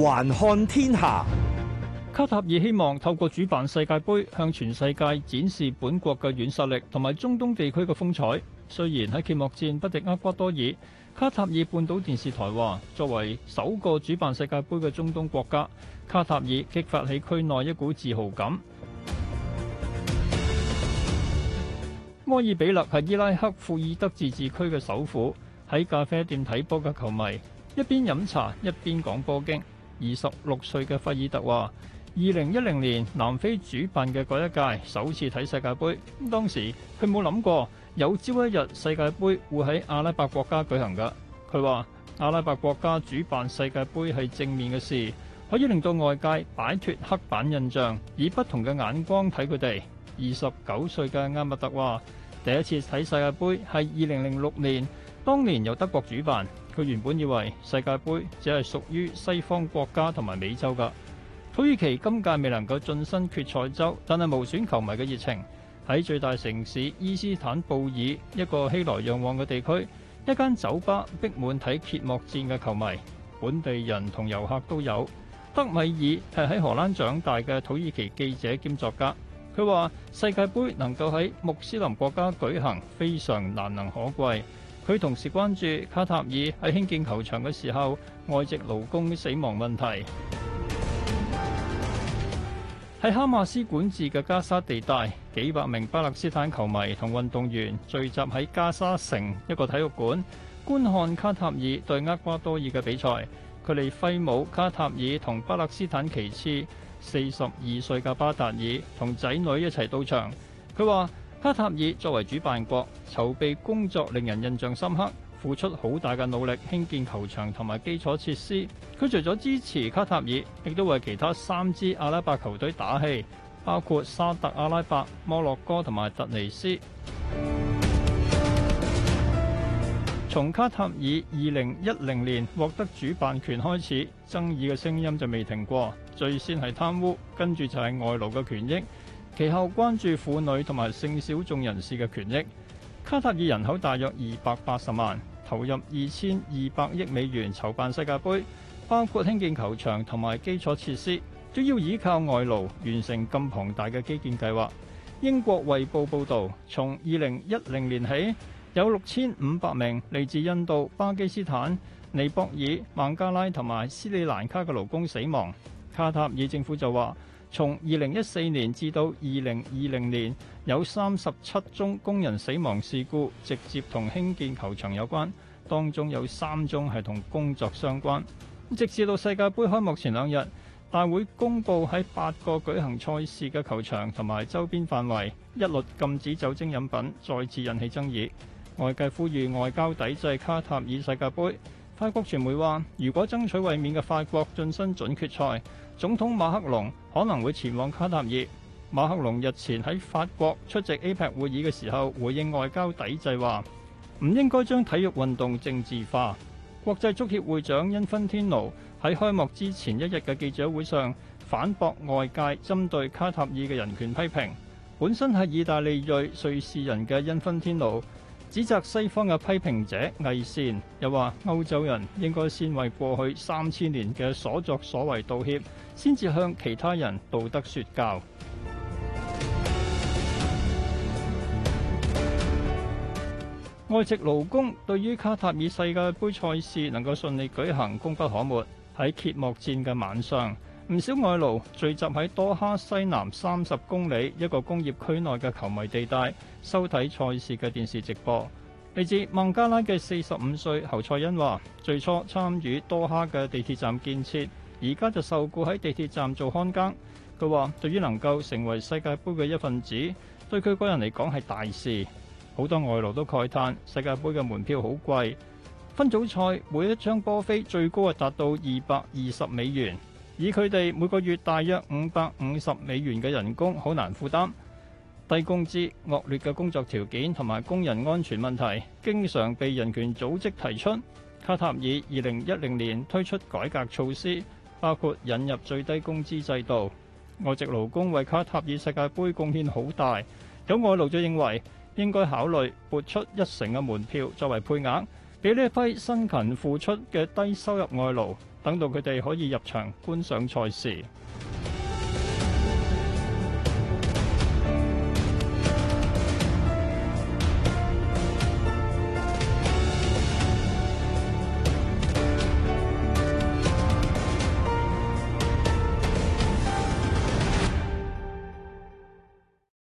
環看天下，卡塔爾希望透過主辦世界盃，向全世界展示本國嘅軟實力同埋中東地區嘅風采。雖然喺揭幕戰不敵厄瓜多爾，卡塔爾半島電視台話，作為首個主辦世界盃嘅中東國家，卡塔爾激發起區內一股自豪感。摩爾比勒係伊拉克庫爾德自治區嘅首府。喺咖啡店睇波嘅球迷一邊飲茶一邊講波經。二十六歲嘅費爾特話：二零一零年南非主辦嘅嗰一屆首次睇世界盃，咁當時佢冇諗過有朝一日世界盃會喺阿拉伯國家舉行㗎。佢話：阿拉伯國家主辦世界盃係正面嘅事，可以令到外界擺脱刻板印象，以不同嘅眼光睇佢哋。二十九歲嘅阿密特話：第一次睇世界盃係二零零六年。當年由德國主辦，佢原本以為世界杯只係屬於西方國家同埋美洲噶。土耳其今屆未能夠晉身決賽周，但係無損球迷嘅熱情。喺最大城市伊斯坦布爾，一個熙來攘往嘅地區，一間酒吧逼滿睇揭幕戰嘅球迷，本地人同遊客都有。德米爾係喺荷蘭長大嘅土耳其記者兼作家，佢話世界杯能夠喺穆斯林國家舉行，非常難能可貴。佢同時關注卡塔爾喺興建球場嘅時候，外籍勞工嘅死亡問題。喺哈馬斯管治嘅加沙地帶，幾百名巴勒斯坦球迷同運動員聚集喺加沙城一個體育館，觀看卡塔爾對厄瓜多爾嘅比賽。佢哋揮舞卡塔爾同巴勒斯坦旗幟，四十二歲嘅巴達爾同仔女一齊到場。佢話。卡塔爾作為主辦國，籌備工作令人印象深刻，付出好大嘅努力興建球場同埋基礎設施。佢除咗支持卡塔爾，亦都為其他三支阿拉伯球隊打氣，包括沙特阿拉伯、摩洛哥同埋突尼斯。從卡塔爾二零一零年獲得主辦權開始，爭議嘅聲音就未停過。最先係貪污，跟住就係外勞嘅權益。其後關注婦女同埋性小眾人士嘅權益。卡塔爾人口大約二百八十萬，投入二千二百億美元籌辦世界盃，包括興建球場同埋基礎設施，主要依靠外勞完成咁龐大嘅基建計劃。英國《衛報》報道，從二零一零年起，有六千五百名嚟自印度、巴基斯坦、尼泊爾、孟加拉同埋斯里蘭卡嘅勞工死亡。卡塔爾政府就話。從2014年至到2020年，有37宗工人死亡事故，直接同興建球場有關，當中有三宗係同工作相關。直至到世界盃開幕前兩日，大會公布喺八個舉行賽事嘅球場同埋周邊範圍一律禁止酒精飲品，再次引起爭議。外界呼籲外交抵制卡塔爾世界盃。泰國傳媒話，如果爭取衛冕嘅法國晉身準決賽，總統馬克龍可能會前往卡塔爾。馬克龍日前喺法國出席 APEC 會議嘅時候，回應外交抵制話：唔應該將體育運動政治化。國際足協會長恩芬天奴喺開幕之前一日嘅記者會上，反駁外界針對卡塔爾嘅人權批評。本身係意大利裔瑞，瑞士人嘅恩芬天奴。指責西方嘅批評者偽善，又話歐洲人應該先為過去三千年嘅所作所為道歉，先至向其他人道德說教。外籍勞工對於卡塔爾世界盃賽事能夠順利舉行功不可沒，喺揭幕戰嘅晚上。唔少外勞聚集喺多哈西南三十公里一個工業區內嘅球迷地帶，收睇賽事嘅電視直播。嚟自孟加拉嘅四十五歲侯賽恩話：，最初參與多哈嘅地鐵站建設，而家就受僱喺地鐵站做看更。佢話：，對於能夠成為世界盃嘅一份子，對佢個人嚟講係大事。好多外勞都慨嘆世界盃嘅門票好貴，分組賽每一張波飛最高係達到二百二十美元。以佢哋每個月大約五百五十美元嘅人工，好難負擔。低工資、惡劣嘅工作條件同埋工人安全問題，經常被人權組織提出。卡塔爾二零一零年推出改革措施，包括引入最低工資制度。外籍勞工為卡塔爾世界盃貢獻好大，有外勞就認為應該考慮撥出一成嘅門票作為配額，俾呢一批辛勤付出嘅低收入外勞。等到佢哋可以入場觀賞賽事。